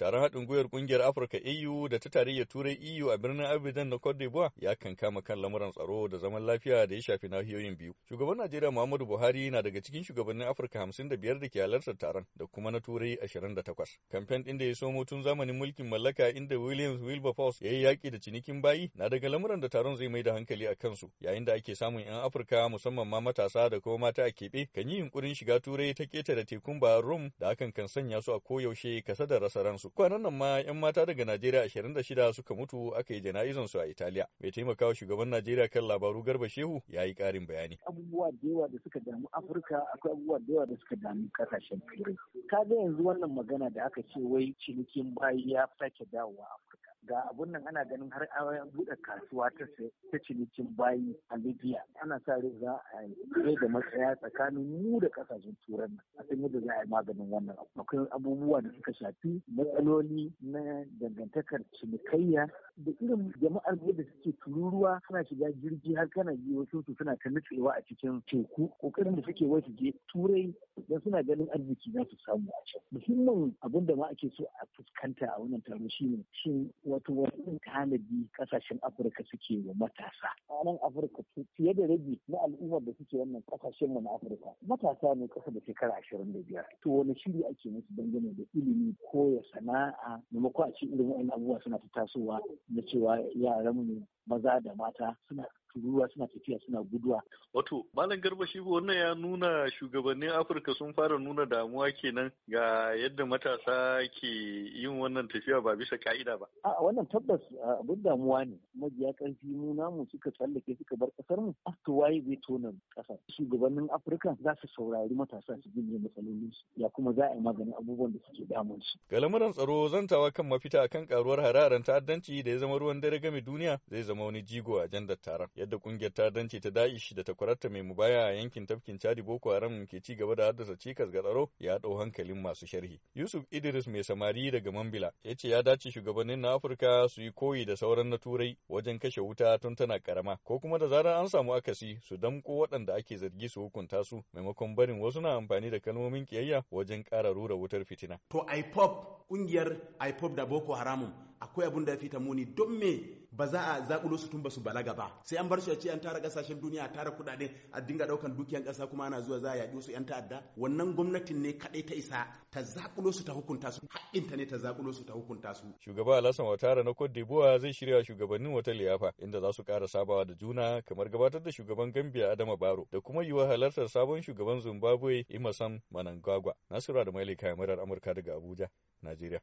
Taron haɗin gwiwar ƙungiyar Afirka EU da ta tarayyar Turai EU a birnin Abidjan na Cote d'Ivoire ya kankama kan lamuran tsaro da zaman lafiya da ya shafi nahiyoyin biyu. Shugaban Najeriya Muhammadu Buhari na daga cikin shugabannin Afirka hamsin da biyar da ke halartar taron da kuma na Turai ashirin da takwas. Kamfen ɗin da ya somo tun zamanin mulkin mallaka inda Williams Wilberforce ya yi yaƙi da cinikin bayi na daga lamuran da taron zai mai da hankali a kansu yayin da ake samun 'yan Afirka musamman ma matasa da kuma mata a keɓe kan yi yunƙurin shiga Turai ta ƙetare tekun ba Rum da hakan kan sanya su a koyaushe kasa da rasa ransu. kwanan nan ma 'yan mata daga Najeriya 26 suka mutu aka yi jana'izan su a Italiya. Mai taimakawa shugaban Najeriya kan labaru Garba Shehu ya yi ƙarin bayani. Abubuwa da yawa da suka damu Afirka akwai abubuwa da yawa da suka damu ƙasashen Turai. Ka ga yanzu wannan magana da aka ce wai cinikin bayi ya sake dawowa Afirka. ga abun nan ana ganin har an buɗe kasuwa ta cinikin bayi a libya ana sa rai za a yi da matsaya tsakanin mu da kasashen turan nan a yadda za a yi maganin wannan akwai abubuwa da suka shafi matsaloli na dangantakar cinikayya da irin jama'ar da suke tururuwa suna shiga jirgi har kana ji wasu su suna ta nutsewa a cikin teku kokarin da suke wasu je turai idan suna ganin arziki za su samu a can muhimmin abin da ma ake so a fuskanta a wannan taro shine shin wato wani tanadi kasashen afirka suke wa matasa a nan afirka fiye da rabi na al'ummar da suke wannan kasashen mu na afirka matasa ne kasa da shekara ashirin da biyar to wani shiri ake musu dangane da ilimi koya sana'a maimakon a ce irin wa'in abubuwa suna ta tasowa na cewa yaran mu maza da mata suna ruwa suna tafiya suna guduwa. Wato, Malam Garba shi wannan ya nuna shugabannin Afirka sun fara nuna damuwa kenan ga yadda matasa ke yin wannan tafiya ba bisa ka'ida ba. A wannan tabbas abin damuwa ne. Majiya ƙarfi mu namu suka tsallake suka bar ƙasar mu. Ah, to waye zai tona ƙasar. Shugabannin Afirka za su saurari matasa su jinje matsalolin su. Ya kuma za a yi maganin abubuwan da suke damun su. Ga lamuran tsaro zantawa kan mafita kan karuwar hararen ta'addanci da ya zama ruwan dare game duniya zai zama zama wani jigo a jandar taron yadda kungiyar dance ta Da'ish da ta kwararta mai mubaya a yankin tafkin Chadi Boko Haram ke ci gaba da haddasa cikas ga tsaro ya dau hankalin masu sharhi Yusuf Idris mai samari daga Mambila ya ce ya dace shugabannin na Afirka su yi koyi da sauran na Turai wajen kashe wuta tun tana karama ko kuma da zarar an samu akasi su damko waɗanda ake zargi su hukunta su maimakon barin wasu na amfani da kalmomin kiyayya wajen ƙara rura wutar fitina. To IPOP ƙungiyar IPOP da Boko Haram akwai abin da ya fita muni don me ba za a zaƙulo su tun ba su balaga ba sai an bar shi a ce an tara kasashen duniya a tara kudade a dinga daukan dukiyan ƙasa kuma ana zuwa za a yaƙi su yan ta'adda wannan gwamnatin ne kaɗai ta isa ta zaƙulo su ta hukunta su haƙƙinta ne ta zaƙulo su ta hukunta su shugaba wa Watara na Cote d'Ivoire zai shirya shugabannin wata liyafa inda za su ƙara sabawa da juna kamar gabatar da shugaban Gambia Adama Baro da kuma yiwa halartar sabon shugaban Zimbabwe Emerson Mnangagwa Nasura da Mailika Murar Amurka daga Abuja Najeriya